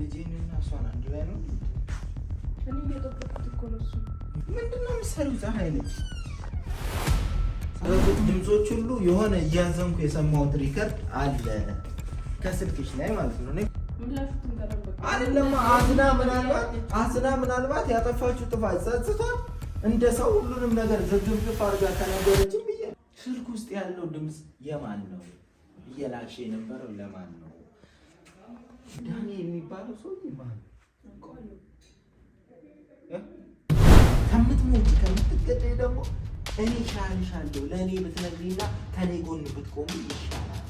ልጄንና እሷን አንድ ላይ ነው። እኔ እየጠበኩት እኮ ነው። እሱ ምንድን ነው የምትሰሪው? ፀሐይ ነች። ድምፆች ሁሉ የሆነ እያዘንኩ የሰማሁት ሪከርድ አለ ከስልክሽ ላይ ማለት ነው። አይደለም አዝና ምናልባት አዝና ምናልባት ያጠፋችሁ ጥፋት ጸጽቷል እንደ ሰው ሁሉንም ነገር ዘግብግፍ አድርጋ ከነገረችን ብዬ ስልክ ውስጥ ያለው ድምፅ የማን ነው እየላክሽ የነበረው ለማን ነው? የሚባለው ደግሞ እኔ እሻልሻለሁ ለእኔ ብትነግሪና ከኔ ጎን ይሻላል።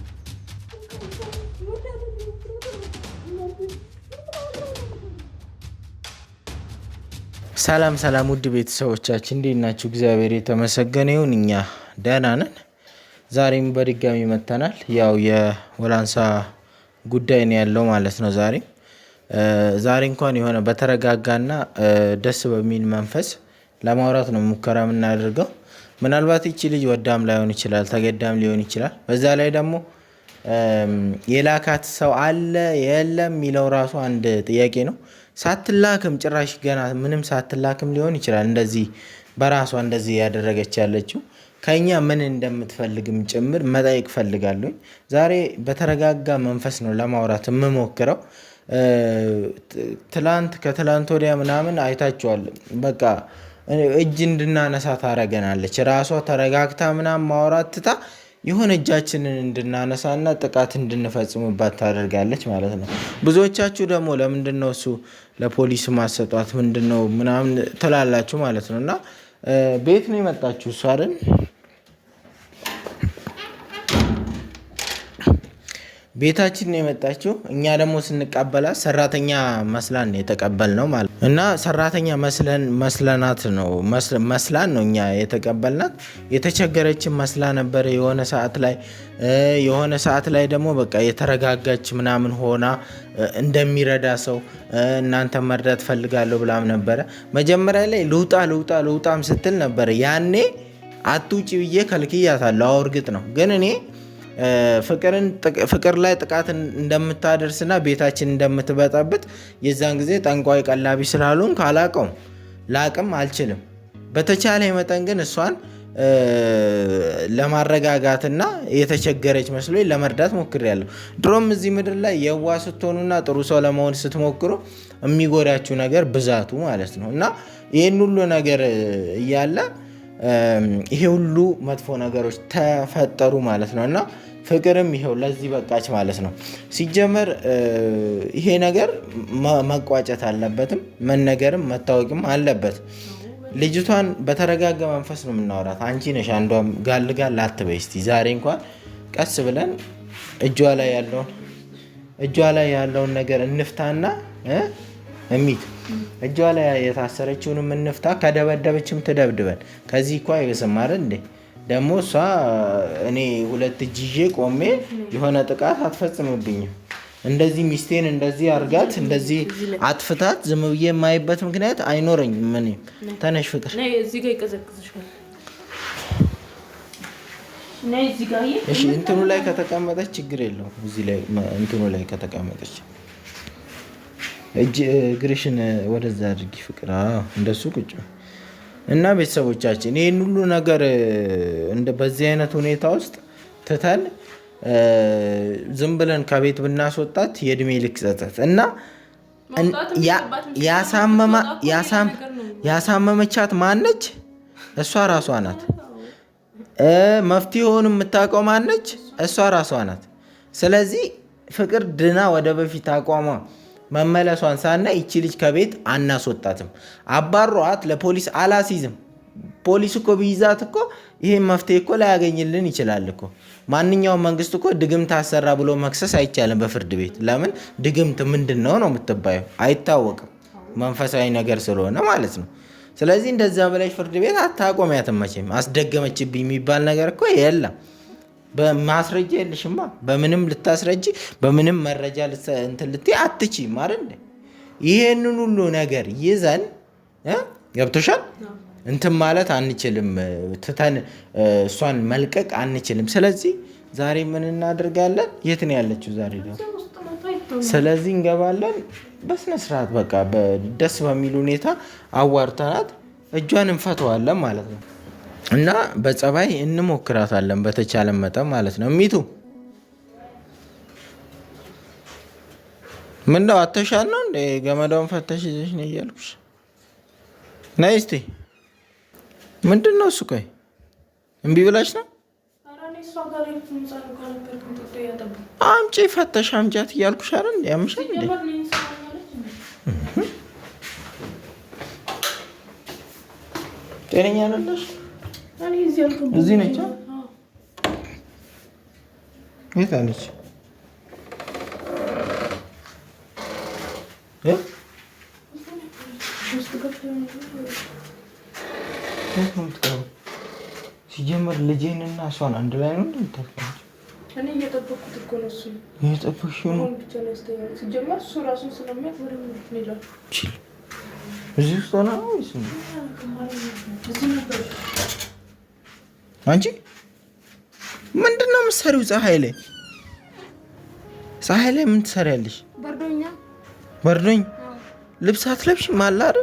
ሰላም ሰላም፣ ውድ ቤተሰቦቻችን እንዴት ናችሁ? እግዚአብሔር የተመሰገነ ይሁን፣ እኛ ደህና ነን። ዛሬም በድጋሚ መጥተናል። ያው የወላንሳ ጉዳይ ነው ያለው ማለት ነው። ዛሬ ዛሬ እንኳን የሆነ በተረጋጋና ደስ በሚል መንፈስ ለማውራት ነው ሙከራ የምናደርገው። ምናልባት ይቺ ልጅ ወዳም ላይሆን ይችላል፣ ተገዳም ሊሆን ይችላል። በዛ ላይ ደግሞ የላካት ሰው አለ የለም የሚለው ራሱ አንድ ጥያቄ ነው። ሳትላክም ጭራሽ ገና ምንም ሳትላክም ሊሆን ይችላል እንደዚህ በራሷ እንደዚህ ያደረገች ያለችው ከእኛ ምን እንደምትፈልግም ጭምር መጠየቅ ፈልጋለሁኝ። ዛሬ በተረጋጋ መንፈስ ነው ለማውራት የምሞክረው። ትላንት ከትላንት ወዲያ ምናምን አይታችኋል። በቃ እጅ እንድናነሳ ታረገናለች። ራሷ ተረጋግታ ምናምን ማውራት ትታ የሆነ እጃችንን እንድናነሳና ጥቃት እንድንፈጽምባት ታደርጋለች ማለት ነው። ብዙዎቻችሁ ደግሞ ለምንድን ነው እሱ ለፖሊስ ማሰጧት ምንድን ነው ምናምን ትላላችሁ ማለት ነው። እና ቤት ነው የመጣችሁ እሷ አይደል? ቤታችን ነው የመጣችው። እኛ ደግሞ ስንቀበላት ሰራተኛ መስላን ነው የተቀበልነው ማለት እና ሰራተኛ መስለናት ነው መስላን ነው እኛ የተቀበልናት። የተቸገረችን መስላ ነበር የሆነ ሰዓት ላይ የሆነ ሰዓት ላይ ደግሞ በቃ የተረጋጋች ምናምን ሆና እንደሚረዳ ሰው እናንተ መርዳት ፈልጋለሁ ብላም ነበረ። መጀመሪያ ላይ ልውጣ ልውጣ ልውጣም ስትል ነበር። ያኔ አትውጪ ብዬ ከልክያታለሁ። አውርግጥ ነው ግን እኔ ፍቅር ላይ ጥቃት እንደምታደርስና ቤታችን እንደምትበጠብጥ የዛን ጊዜ ጠንቋይ ቀላቢ ስላሉን ካላቀው ላቅም አልችልም። በተቻለ መጠን ግን እሷን ለማረጋጋትና የተቸገረች መስሎ ለመርዳት ሞክሬያለሁ። ድሮም እዚህ ምድር ላይ የዋ ስትሆኑና ጥሩ ሰው ለመሆን ስትሞክሩ የሚጎዳችው ነገር ብዛቱ ማለት ነው እና ይህን ሁሉ ነገር እያለ ይሄ ሁሉ መጥፎ ነገሮች ተፈጠሩ ማለት ነው እና ፍቅርም ይሄው ለዚህ በቃች ማለት ነው። ሲጀመር ይሄ ነገር መቋጨት አለበትም መነገርም መታወቅም አለበት። ልጅቷን በተረጋጋ መንፈስ ነው የምናወራት። አንቺ ነሽ አንዷም ጋልጋል አትበይ ዛሬ እንኳን ቀስ ብለን እጇ ላይ ያለውን እጇ ላይ ያለውን ነገር እንፍታና እሚት እጇ ላይ የታሰረችውን የምንፍታ ከደበደበችም ትደብድበን። ከዚህ እኳ የስማር እንዴ ደግሞ እሷ እኔ ሁለት እጅ ይዤ ቆሜ የሆነ ጥቃት አትፈጽምብኝም። እንደዚህ ሚስቴን እንደዚህ አርጋት እንደዚህ አትፍታት ዝም ብዬ የማይበት ምክንያት አይኖረኝም። ምን ተነሽ ፍቅር እንትኑ ላይ ከተቀመጠች ችግር የለውም። እዚህ ላይ እንትኑ ላይ ከተቀመጠች እጅ እግርሽን ወደዛ አድርጊ ፍቅር። እንደሱ ቁጭ እና ቤተሰቦቻችን ይህን ሁሉ ነገር በዚህ አይነት ሁኔታ ውስጥ ትተን ዝም ብለን ከቤት ብናስወጣት የእድሜ ልክ ጸጸት እና ያሳመመቻት ማነች? እሷ ራሷ ናት። መፍትሄውን የምታውቀው ማነች? እሷ ራሷ ናት። ስለዚህ ፍቅር ድና ወደ በፊት አቋሟ መመለሷን ሳና ይቺ ልጅ ከቤት አናስወጣትም፣ አባሯት ለፖሊስ አላሲዝም። ፖሊስ እኮ ቢይዛት እኮ ይህን መፍትሄ እኮ ላያገኝልን ይችላል እኮ። ማንኛውም መንግስት እኮ ድግምት አሰራ ብሎ መክሰስ አይቻልም በፍርድ ቤት። ለምን ድግምት ምንድን ነው ነው የምትባየው? አይታወቅም መንፈሳዊ ነገር ስለሆነ ማለት ነው። ስለዚህ እንደዛ በላይ ፍርድ ቤት አታቆሚያትም መቼም። አስደገመችብኝ የሚባል ነገር እኮ የለም። በማስረጃ የለሽማ። በምንም ልታስረጂ በምንም መረጃ እንትን ልትይ አትችይም አይደል? ይሄንን ሁሉ ነገር ይዘን ገብቶሻል እንትን ማለት አንችልም፣ ትተን እሷን መልቀቅ አንችልም። ስለዚህ ዛሬ ምን እናደርጋለን? የት ነው ያለችው ዛሬ ስለዚህ እንገባለን በስነስርዓት በቃ ደስ በሚል ሁኔታ አዋርተናት እጇን እንፈተዋለን ማለት ነው። እና በጸባይ እንሞክራታለን በተቻለ መጠን ማለት ነው። ሚቱ ምነው አተሻል ነው እንደ ገመዳውን ፈተሽ ይዘሽ ነው እያልኩሽ። ነይ እስኪ ምንድን ነው እሱ? ቆይ እምቢ ብላሽ ነው? አምጪ ፈተሽ አምጃት እያልኩሽ አረ እንደ ያምሻል እንደ ጤነኛ ነለሽ እዚህ ነች። የት አለች? ሲጀመር ልጄንና እሷን አንድ ላይ ነው እንደምታስቀምጪው? እየጠበኩት እኮ ነው። እሱን እየጠበኩሽ ነው። እዚህ ውስጥ ሆና ነው አንቺ ምንድን ነው የምትሰሪው? ፀሐይ ላይ ፀሐይ ላይ ምን ትሰሪያለሽ? በርዶኝ ልብስ አትለብሽ ማላ አይደል?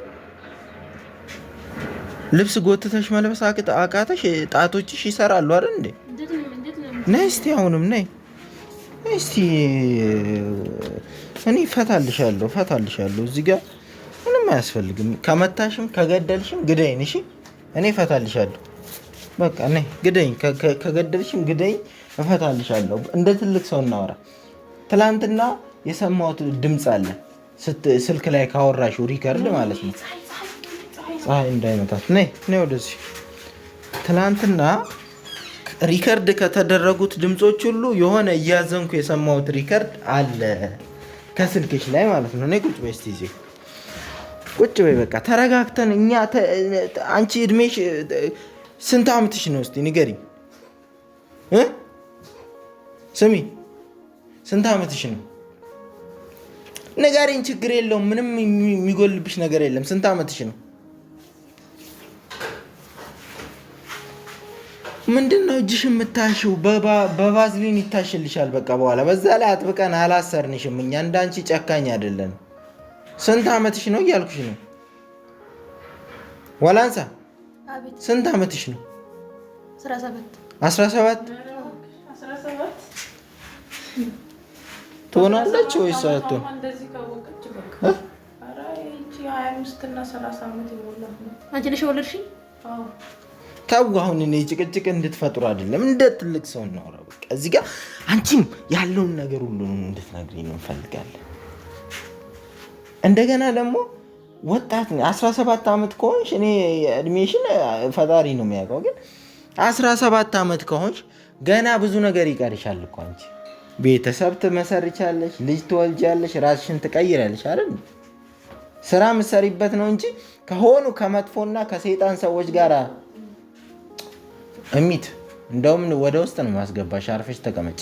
ልብስ ጎትተሽ መልበስ አቃተሽ፣ ጣቶችሽ ይሰራሉ አይደል እንዴ? ነይ እስቲ አሁንም ነይ እስቲ እኔ እፈታልሻለሁ፣ እፈታልሻለሁ። እዚህ ጋር ምንም አያስፈልግም። ከመታሽም ከገደልሽም ግደይን፣ እሺ እኔ ፈታልሻለሁ። በቃ እኔ ግደኝ፣ ከገደልሽም ግደኝ፣ እፈታልሻለሁ። እንደ ትልቅ ሰው እናወራ። ትላንትና የሰማሁት ድምፅ አለ ስልክ ላይ ካወራሽው ሪከርድ ማለት ነው። ፀሐይ እንዳይመታት ነይ ነይ ወደዚህ። ትላንትና ሪከርድ ከተደረጉት ድምፆች ሁሉ የሆነ እያዘንኩ የሰማሁት ሪከርድ አለ ከስልክሽ ላይ ማለት ነው። እኔ ቁጭ በስቲ ዜ ቁጭ በይ። በቃ ተረጋግተን እኛ አንቺ እድሜሽ ስንት ዓመትሽ ነው? እስቲ ንገሪኝ። ስሚ ስንት ዓመትሽ ነው? ንገሪኝ። ችግር የለውም ምንም የሚጎልብሽ ነገር የለም። ስንት ዓመትሽ ነው? ምንድን ነው እጅሽ የምታሽው? በቫዝሊን ይታሽልሻል። በቃ በኋላ በዛ ላይ አጥብቀን አላሰርንሽም። እኛ እንዳንቺ ጨካኝ አይደለን። ስንት ዓመትሽ ነው እያልኩሽ ነው። ወላንሳ ስንት ዓመትሽ ነው? አስራ ሰባት ትሆናለች ወይስ አትሆን? ተው አሁን እኔ ጭቅጭቅ እንድትፈጥሩ አይደለም፣ እንደ ትልቅ ሰው እናውራ። በቃ እዚህ ጋር አንቺም ያለውን ነገር ሁሉንም እንድትነግሪኝ እንፈልጋለን። እንደገና ደግሞ ወጣት ነኝ። 17 ዓመት ከሆንሽ እኔ እድሜሽን ፈጣሪ ነው የሚያውቀው፣ ግን 17 ዓመት ከሆንሽ ገና ብዙ ነገር ይቀርሻል እኮ አንቺ። ቤተሰብ ትመሰርቻለሽ፣ ልጅ ትወልጃለሽ፣ ራስሽን ትቀይራለሽ አይደል? ስራ የምትሰሪበት ነው እንጂ ከሆኑ ከመጥፎና ከሰይጣን ሰዎች ጋር እሚት እንደውም ወደ ውስጥ ነው ማስገባሽ። አርፈሽ ተቀመጭ።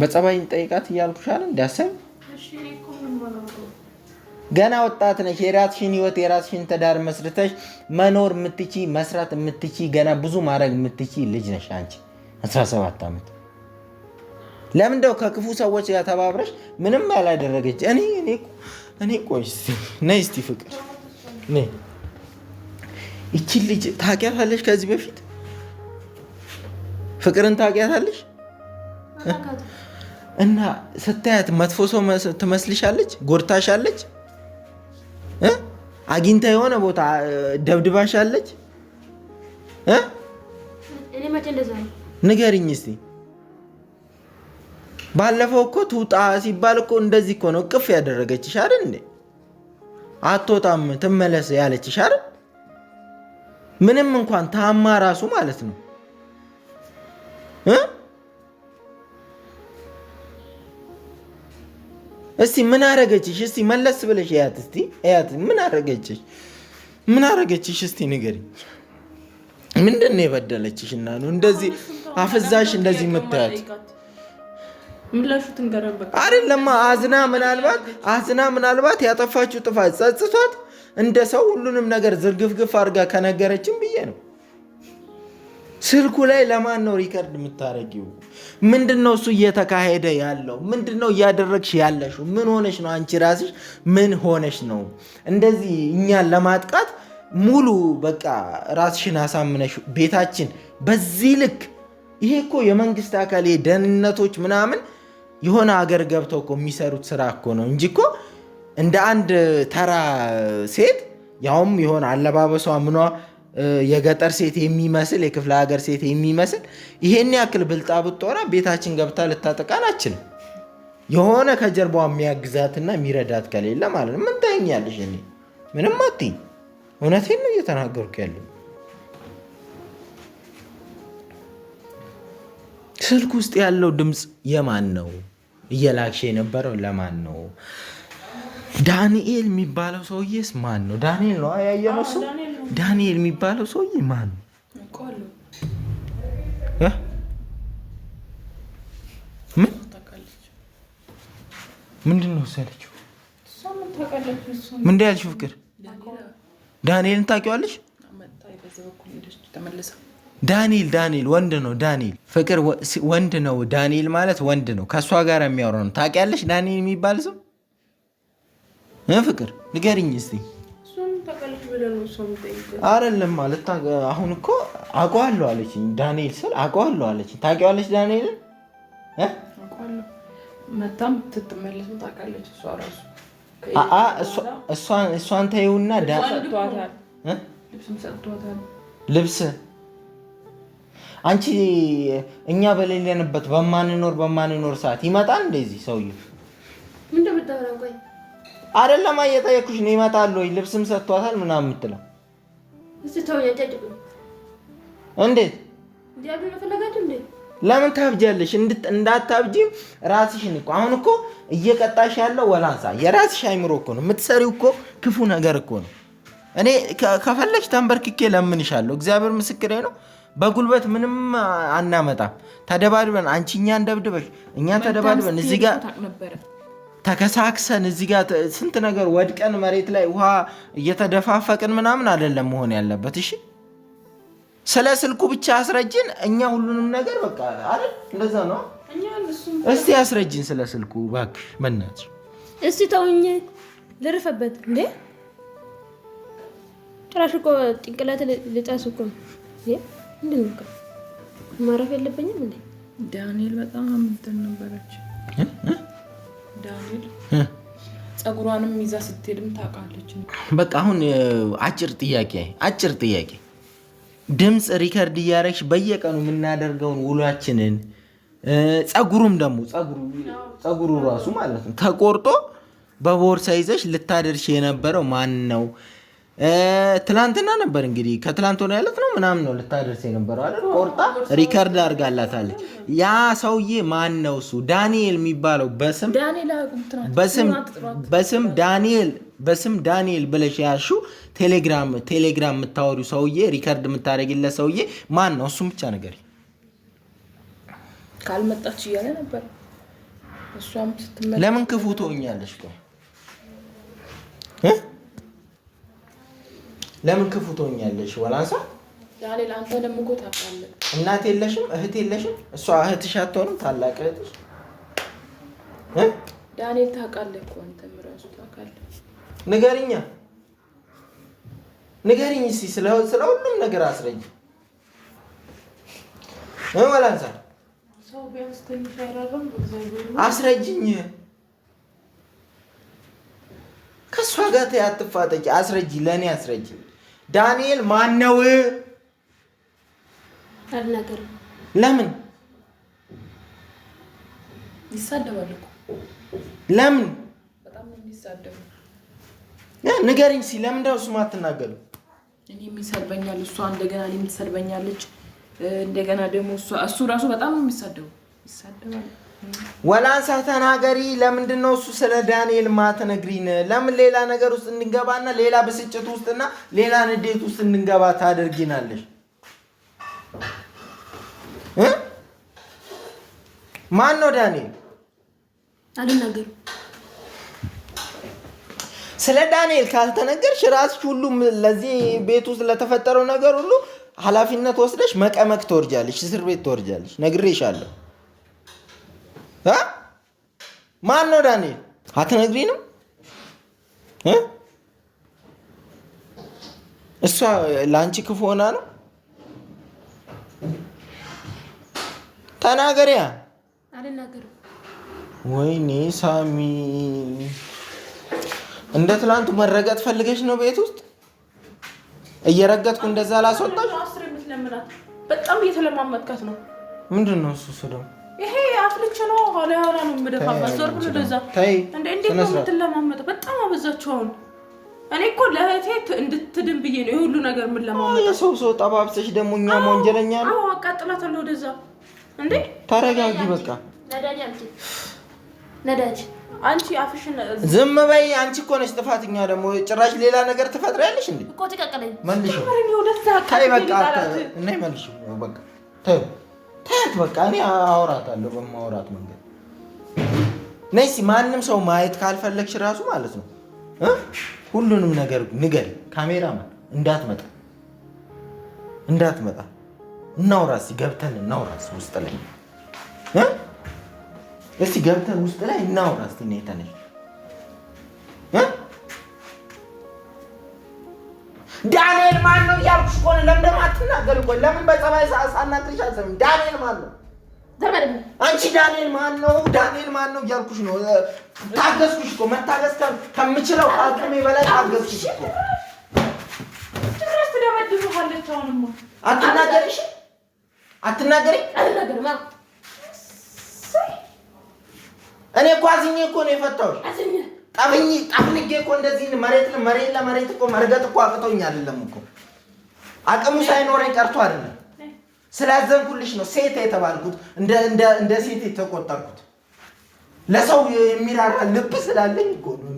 በጸባይን ጠይቃት እያልኩሻል እንዳሰብ ገና ወጣት ነሽ። የራስሽን ህይወት የራስሽን ትዳር መስርተሽ መኖር የምትቺ መስራት የምትቺ ገና ብዙ ማድረግ የምትቺ ልጅ ነሽ አንቺ 17 ዓመት። ለምንደው ከክፉ ሰዎች ጋር ተባብረሽ ምንም ያላደረገች እኔ ቆይ ነይ ፍቅር ይቺ ልጅ ታውቂያታለሽ? ከዚህ በፊት ፍቅርን ታውቂያታለሽ? እና ስታያት መጥፎ ሰው ትመስልሻለች? ጎድታሻለች? አግኝታ የሆነ ቦታ አለች። ንገሪኝ እስቲ። ባለፈው እኮ ትውጣ ሲባል እኮ እንደዚህ እኮ ነው ቅፍ ያደረገችሽ አይደል እንዴ? አትወጣም ትመለስ ያለችሽ አይደል? ምንም እንኳን ታማ ራሱ ማለት ነው እስቲ ምን አረገችሽ? እስቲ መለስ ብለሽ እያት። እስቲ እያት፣ ምን አረገችሽ? ምን አረገችሽ? እስቲ ንገሪ። ምንድን ነው የበደለችሽ? እና ነው እንደዚህ አፍዛሽ እንደዚህ የምታያት አይደለማ። አዝና ምናልባት አዝና ምናልባት ያጠፋችው ጥፋት ጸጽቷት እንደ ሰው ሁሉንም ነገር ዝርግፍግፍ አድርጋ ከነገረችን ብዬ ነው። ስልኩ ላይ ለማን ነው ሪከርድ የምታረጊው? ምንድን ነው እሱ እየተካሄደ ያለው? ምንድን ነው እያደረግሽ ያለሽው? ምን ሆነሽ ነው አንቺ ራስሽ ምን ሆነሽ ነው እንደዚህ እኛን ለማጥቃት ሙሉ በቃ ራስሽን አሳምነሽ ቤታችን በዚህ ልክ ይሄ እኮ የመንግስት አካል ደህንነቶች ምናምን የሆነ ሀገር ገብተው እኮ የሚሰሩት ስራ እኮ ነው እንጂ እኮ እንደ አንድ ተራ ሴት ያውም የሆነ አለባበሷ ምኗ የገጠር ሴት የሚመስል የክፍለ ሀገር ሴት የሚመስል ይሄን ያክል ብልጣ ብትሆና ቤታችን ገብታ ልታጠቃን አችልም። የሆነ ከጀርባዋ የሚያግዛትና የሚረዳት ከሌለ ማለት ነው። ምን ታይኛለሽ? እኔ ምንም አትይኝ። እውነቴን ነው እየተናገርኩ ያለ። ስልክ ውስጥ ያለው ድምፅ የማን ነው? እየላክሽ የነበረው ለማን ነው? ዳንኤል የሚባለው ሰውዬስ ማን ነው? ዳንኤል ነው ያየነው ሰው ዳንኤል የሚባለው ሰውዬ ማን ምን ምንድን ነው ወሰደችው? ምንድን ያልሽው ፍቅር? ዳንኤልን ታውቂዋለሽ? ዳንኤል ዳንኤል ወንድ ነው። ዳንኤል ፍቅር ወንድ ነው። ዳንኤል ማለት ወንድ ነው። ከእሷ ጋር የሚያወራ ነው። ታውቂያለሽ ዳንኤል የሚባል ሰው ፍቅር? ንገሪኝ እስኪ አይደለም ማለት አሁን እኮ አውቀዋለሁ አለችኝ። ዳንኤል ስል አውቀዋለሁ አለችኝ። ታውቂዋለች ዳንኤልን መታም ትትመለስ ታውቃለች። እሷ ራሱ እሷን ተይውና ልብስ አንቺ እኛ በሌለንበት በማንኖር በማንኖር ሰዓት ይመጣል እንደዚህ ሰውዬው አይደለም እየጠየኩሽ ነው። ይመጣሉ ወይ ልብስም ሰጥቷታል ምናምን የምትለው እንዴት? ለምን ታብጃለሽ? እንዳታብጂም ራስሽን እኮ አሁን እኮ እየቀጣሽ ያለው ወላንሳ የራስሽ አይምሮ እኮ ነው። የምትሰሪው እኮ ክፉ ነገር እኮ ነው። እኔ ከፈለግሽ ተንበርክኬ ለምንሻለሁ። እግዚአብሔር ምስክሬ ነው። በጉልበት ምንም አናመጣም። ተደባድበን አንቺ እኛን ደብድበሽ እኛ ተደባድበን እዚህ ጋር ተከሳክሰን እዚህ ጋር ስንት ነገር ወድቀን መሬት ላይ ውሃ እየተደፋፈቅን ምናምን አይደለም መሆን ያለበት። እሺ ስለ ስልኩ ብቻ አስረጅን። እኛ ሁሉንም ነገር በቃ አይደል እንደዛ ነው። እስቲ አስረጅን ስለ ስልኩ እባክሽ፣ በእናትሽ እስቲ ተውኝ፣ ልርፈበት እንዴ ጭራሽ እኮ ጭንቅላት ልጠስ እኮ ምንድን ማረፍ የለብኝም እንዴ ዳንኤል በጣም ምትን ነበረች ጸጉሯንም ይዛ ስትሄድም ታውቃለች። በቃ አሁን አጭር ጥያቄ አጭር ጥያቄ ድምፅ ሪከርድ እያደረግሽ በየቀኑ የምናደርገውን ውሏችንን ጸጉሩም ደግሞ ጸጉሩ ራሱ ማለት ነው ተቆርጦ በቦርሳ ይዘሽ ልታደርሽ የነበረው ማን ነው? ትላንትና ነበር እንግዲህ ከትላንት ሆነ ያለት ነው ምናምን ነው ልታደርስ የነበረው አይደል? ቆርጣ ሪከርድ አድርጋላታለች። ያ ሰውዬ ማን ነው እሱ? ዳንኤል የሚባለው በስም በስም ዳንኤል በስም ዳንኤል ብለሽ ያሹ ቴሌግራም ቴሌግራም የምታወሪው ሰውዬ ሪከርድ የምታደርጊለት ሰውዬ ማን ነው? እሱም ብቻ ነገር ካልመጣች እያለ ነበር። እሷም ለምን ክፉ ትሆኛለሽ? ለምን ክፉ ትሆኛለሽ? ወላንሳ እናት የለሽም፣ እህት የለሽም። እሷ እህትሽ አትሆንም፣ ታላቅ እህትሽ ዳንኤል። ታውቃለህ እኮ አንተም እራሱ ታውቃለህ። ንገሪኛ፣ ንገሪኝ እስኪ ስለ ሁሉም ነገር አስረኝ ወላንሳ፣ አስረጅኝ። ከእሷ ጋር አትፋጠቂ፣ አስረጅ፣ ለእኔ አስረጅኝ ዳንኤል ማን ነው? አልነገርም። ለምን ይሳደባል? ለምን ንገሪኝ እስኪ። ለምን እንደው እሱማ አትናገሪም? እኔም ይሰድበኛል እሷ እንደገና እኔም ትሰድበኛለች እንደገና ደግሞ እሱ እራሱ በጣም ነው ይሳደባል ወላንሳ ተናገሪ። ለምንድን ነው እሱ ስለ ዳንኤል ማትነግሪን? ለምን ሌላ ነገር ውስጥ እንገባና ሌላ ብስጭት ውስጥና ሌላ ንዴት ውስጥ እንገባ ታደርጊናለሽ? ማን ነው ዳንኤል? ስለ ዳንኤል ካልተነገርሽ ራስሽ ሁሉም ለዚህ ቤት ውስጥ ለተፈጠረው ነገር ሁሉ ኃላፊነት ወስደሽ መቀመቅ ትወርጃለሽ፣ እስር ቤት ትወርጃለሽ። ነግሬሻለሁ። ማን ነው ዳንኤል? አትነግሪንም? እሷ ለአንቺ ክፉ ሆና ነው? ተናገሪያ። ወይኔ ሳሚ፣ እንደ ትላንቱ መረገጥ ፈልገሽ ነው ቤት ውስጥ እየረገጥኩ እንደዛ ላስወጣሽ። በጣም እየተለማመጥካት ነው። ምንድን ነው እሱ ደግሞ አፍልቼ ነው ኋላ ኋላ ነው የምደፋባት። ዞር ብሎ ወደዛ እንደ እንዴት ነው የምትለማመጠው? በጣም አበዛችሁ አሁን። እኔ እኮ ለእህቴ እንድትድን ብዬ ነው የሁሉ ነገር የምንለማመጠው። ሰው ሰው ጠባብሰሽ ደግሞ እኛም ወንጀለኛ ነው። አዎ አቃጥላታለሁ ወደዛ። እንዴ ተረጋጊ በቃ። ነዳጅ አንቺ አፍሽን ዝም በይ። አንቺ እኮ ነሽ ጥፋተኛ። ደግሞ ጭራሽ ሌላ ነገር ትፈጥሪያለሽ እንዴ እኮ ተቀቀለኝ። መልሽ ታይ በቃ እና መልሽ በቃ ታይ ታያት። በቃ እኔ አውራታለሁ በማውራት መንገድ ነይሲ። ማንም ሰው ማየት ካልፈለግሽ ራሱ ማለት ነው ሁሉንም ነገር ንገሪ። ካሜራማን እንዳትመጣ እንዳትመጣ፣ እናውራስ ገብተን እናውራስ ውስጥ ላይ እስቲ ገብተን ውስጥ ላይ እናውራስ። ትንሽ ተነሽ ዳንኤል ማን ነው እያልኩሽ ከሆነ ለምን ደግሞ አትናገሪ? ቆይ ለምን በጸባይ ሳናግርሽ አልሰሚም? ዳንኤል ማን ነው? አንቺ ዳንኤል ማን ነው? ዳንኤል ማን ነው እያልኩሽ ነው። ታገዝኩሽ እኮ መታገዝ ከምችለው አቅሜ በላይ ታገዝኩሽ እኮ። አትናገሪሽ አትናገሪ። እኔ እኮ አዝኜ እኮ ነው የፈታሁሽ ጠብኝ ጠብንጌ እኮ እንደዚህ መሬት መሬት ለመሬት እኮ መርገጥ እኮ አቅቶኝ አይደለም እኮ አቅሙ ሳይኖረኝ ቀርቶ አይደለም። ስላዘንኩልሽ ነው ሴት የተባልኩት፣ እንደ ሴት የተቆጠርኩት። ለሰው የሚራራ ልብ ስላለኝ እኮ ነው።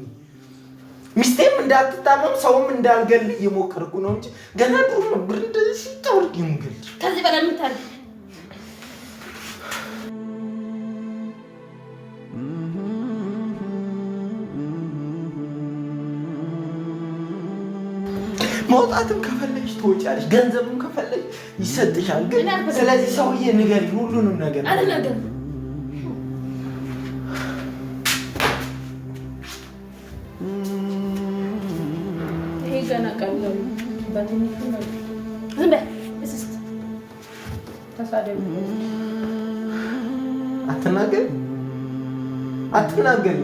ሚስቴም እንዳትታመም ሰውም እንዳልገል እየሞከርኩ ነው እንጂ ገና ድሩ ነበር እንደዚህ ሲታወርግ ይምግል ከዚህ በላይ መውጣትም ከፈለግሽ ትወጫለሽ፣ ገንዘብም ከፈለግሽ ይሰጥሻል። ግን ስለዚህ ሰውዬ ንገሪኝ ሁሉንም ነገር አትናገር አትናገር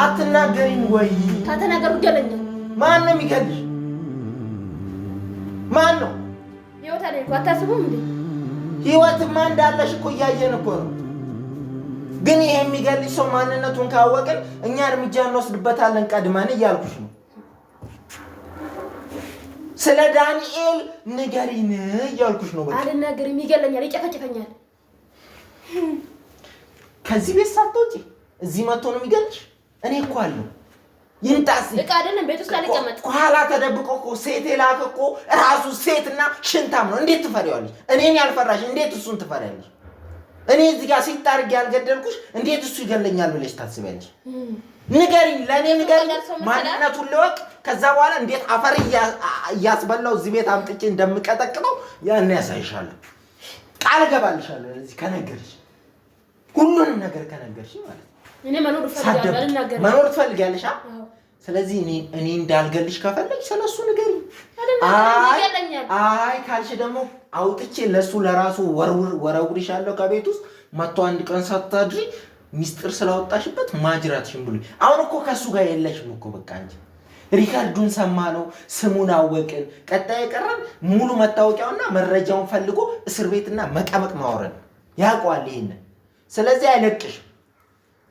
አትናገሪም ወይ? ከተናገሩ ገለኛ ማን ነው የሚገልሽ? ማን ነው ህይወት? አለ እኮ አታስቡም እንዴ? ህይወትማ እንዳለሽ እኮ እያየን እኮ ነው። ግን ይሄ የሚገልሽ ሰው ማንነቱን ካወቅን እኛ እርምጃ እንወስድበታለን ቀድመን እያልኩሽ ነው። ስለ ዳንኤል ንገሪን እያልኩሽ ነው። አልናገርም፣ ይገለኛል፣ ይጨፈጭፈኛል። ከዚህ ቤት ሳትወጪ እዚህ መጥቶ ነው የሚገልሽ እኔ እኮ አለሁ ይንጣስ ከኋላ ተደብቆ እኮ ሴት የላከ እኮ ራሱ ሴትና ሽንታም ነው። እንዴት ትፈሪዋለሽ? እኔን ያልፈራሽ እንዴት እሱን ትፈሪያለሽ? እኔ እዚህ ጋር ሲታርግ ያልገደልኩሽ እንዴት እሱ ይገለኛል ብለሽ ታስቢያለሽ? ንገሪኝ፣ ለእኔ ንገሪኝ፣ ማንነቱን ልወቅ። ከዛ በኋላ እንዴት አፈር እያስበላው እዚህ ቤት አምጥቼ እንደምቀጠቅጠው ያን ያሳይሻለሁ። ቃል እገባልሻለሁ። እዚህ ከነገርሽ፣ ሁሉንም ነገር ከነገርሽ ማለት ነው መኖር ትፈልጊያለሽ? ስለዚህ እኔ እንዳልገልሽ ከፈለግሽ ስለሱ ንገሪ። አይ ካልሽ ደግሞ አውጥቼ ለሱ ለራሱ ወረውርሻለሁ። ከቤት ውስጥ መቶ አንድ ቀን ሳታድሪ ሚስጥር ስላወጣሽበት ማጅራትሽን ብሎ አሁን እኮ ከእሱ ጋር የለሽም እኮ በቃ እንጂ ሪካርዱን ሰማ ነው ስሙን አወቅን። ቀጣይ የቀረን ሙሉ መታወቂያውና መረጃውን ፈልጎ እስር ቤትና መቀመቅ ማውረድ ያውቀዋል ይህንን። ስለዚህ አይለቅሽም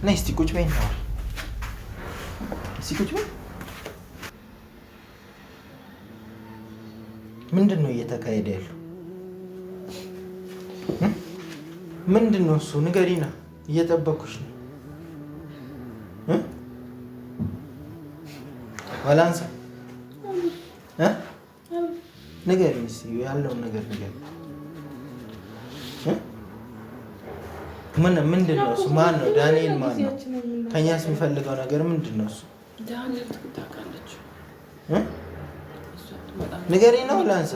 እና እስቲ ቁጭ በይ እናወራ። እስቲ ቁጭ በይ። ምንድን ነው እየተካሄደ ያለው? ምንድን ነው እሱ? ንገሪና፣ እየጠበኩሽ ነው። ባላንሳ ንገሪ፣ ያለውን ነገር ንገሪ ምን ምንድን ነው እሱ? ማን ነው ዳንኤል? ማን ነው? ከእኛስ የሚፈልገው ነገር ምንድን ነው እሱ? ንገሪ ነው ላንሳ።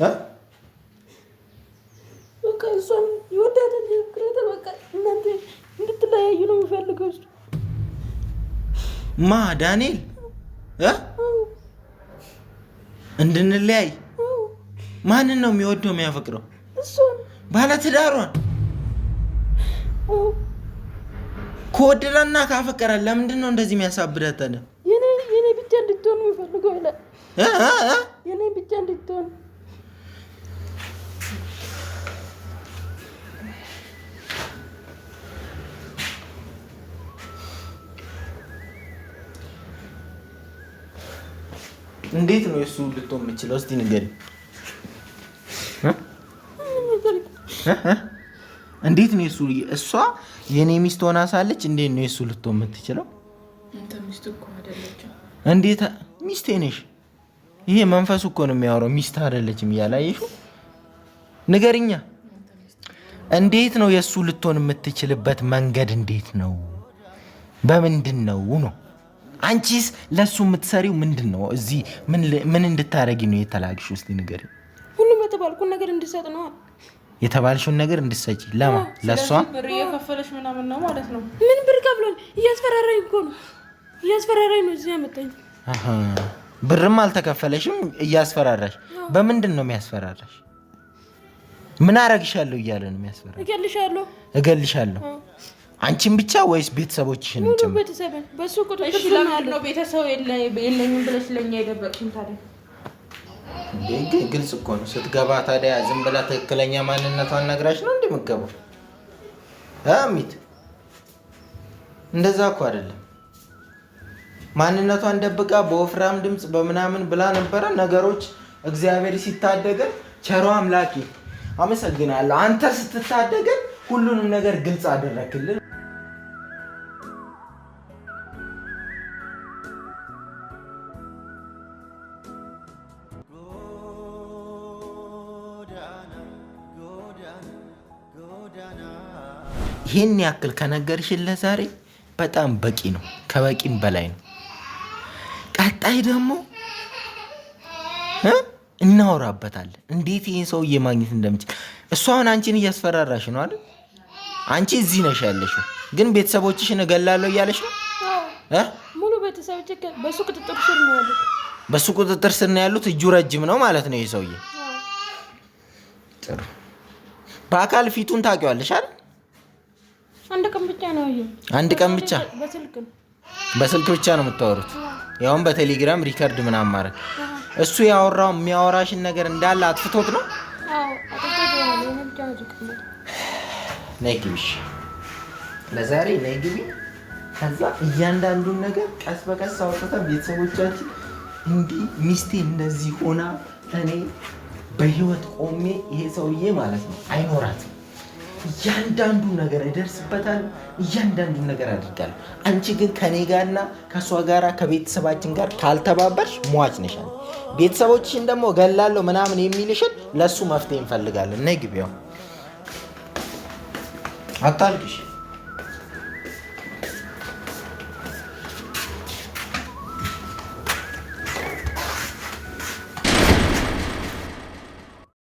እ ማ ዳንኤል እንድንለያይ ማንን ነው የሚወደው የሚያፈቅረው? ባለትዳሯን ከወደዳና ካፈቀራል ለምንድን ነው እንደዚህ የሚያሳብዳት? የኔ ብቻ እንድትሆን የሚፈልገው የኔ ብቻ እንድትሆን እንዴት ነው የእሱ ልትሆን የምችለው? እስቲ ንገሪኝ። እንዴት ነው የእሱ እሷ የእኔ ሚስት ሆና ሳለች እንዴት ነው የእሱ ልትሆን የምትችለው? እንዴት ሚስቴ ነሽ። ይሄ መንፈሱ እኮ ነው የሚያወራው። ሚስት አይደለችም እያለ አየሽው። ንገርኛ፣ እንዴት ነው የእሱ ልትሆን የምትችልበት መንገድ እንዴት ነው? በምንድን ነው ነው አንቺስ ለእሱ የምትሰሪው ምንድን ነው? እዚህ ምን እንድታረጊ ነው የተላክሽ? ውስጥ ንገሪ። ሁሉም የተባልኩን ነገር እንድሰጥ ነው። የተባልሽውን ነገር እንድሰጪ ለማ ለእሷ ብር እየከፈለሽ ምናምን ነው ማለት ነው። ምን ብር ከፍሎን? እያስፈራራኝ እኮ ነው፣ እያስፈራራኝ ነው እዚህ ያመጣኝ። ብርም አልተከፈለሽም፣ እያስፈራራሽ። በምንድን ነው የሚያስፈራራሽ? ምን አረግሻለሁ እያለ ነው የሚያስፈራ። እገልሻለሁ፣ እገልሻለሁ አንቺን ብቻ ወይስ ቤተሰቦችሽን? ቤተሰብ ግልጽ እኮ ነው። ስትገባ ታዲያ ዝም ብላ ትክክለኛ ማንነቷን ነግራሽ ነው እንደምትገባው። ሚት እንደዛ እኮ አይደለም። ማንነቷን ደብቃ በወፍራም ድምፅ በምናምን ብላ ነበረ። ነገሮች እግዚአብሔር ሲታደገን፣ ቸሮ አምላኬ አመሰግናለሁ። አንተ ስትታደገን ሁሉንም ነገር ግልጽ አደረክልን። ይህን ያክል ከነገርሽን ለዛሬ በጣም በቂ ነው፣ ከበቂም በላይ ነው። ቀጣይ ደግሞ እናወራበታለን፣ እንዴት ይህን ሰውዬ ማግኘት እንደምችል። እሱ አሁን አንቺን እያስፈራራሽ ነው አይደል? አንቺ እዚህ ነሽ ያለሽው፣ ግን ቤተሰቦችሽን እገላለሁ እያለሽ ነው። ሙሉ ቤተሰቦች በሱ ቁጥጥር ስር ነው ያሉት። በሱ ቁጥጥር ስር ነው ያሉት። እጁ ረጅም ነው ማለት ነው ይህ ሰውዬ። ጥሩ በአካል ፊቱን ታውቂዋለሽ አይደል? አንድ ቀን ብቻ ነው አንድ ቀን ብቻ በስልክ ብቻ ነው የምታወሩት። ያውም በቴሌግራም ሪከርድ ምናምን ማድረግ እሱ ያወራው የሚያወራሽን ነገር እንዳለ አጥፍቶት ነው። ነይ ለዛሬ ነይ ግቢ። ከዛ እያንዳንዱን ነገር ቀስ በቀስ አውጥተ ቤተሰቦቻችን እንዲህ ሚስቴ እንደዚህ ሆና እኔ በህይወት ቆሜ ይሄ ሰውዬ ማለት ነው አይኖራትም እያንዳንዱን ነገር ይደርስበታል። እያንዳንዱን ነገር አድርጋለሁ። አንቺ ግን ከኔ ጋርና ከእሷ ጋር ከቤተሰባችን ጋር ካልተባበርሽ ሟች ነሻል። ቤተሰቦችሽን ደግሞ እገላለሁ ምናምን የሚልሽን ለእሱ መፍትሄ እንፈልጋለን። ነይ ግቢያው አታልቅሽ።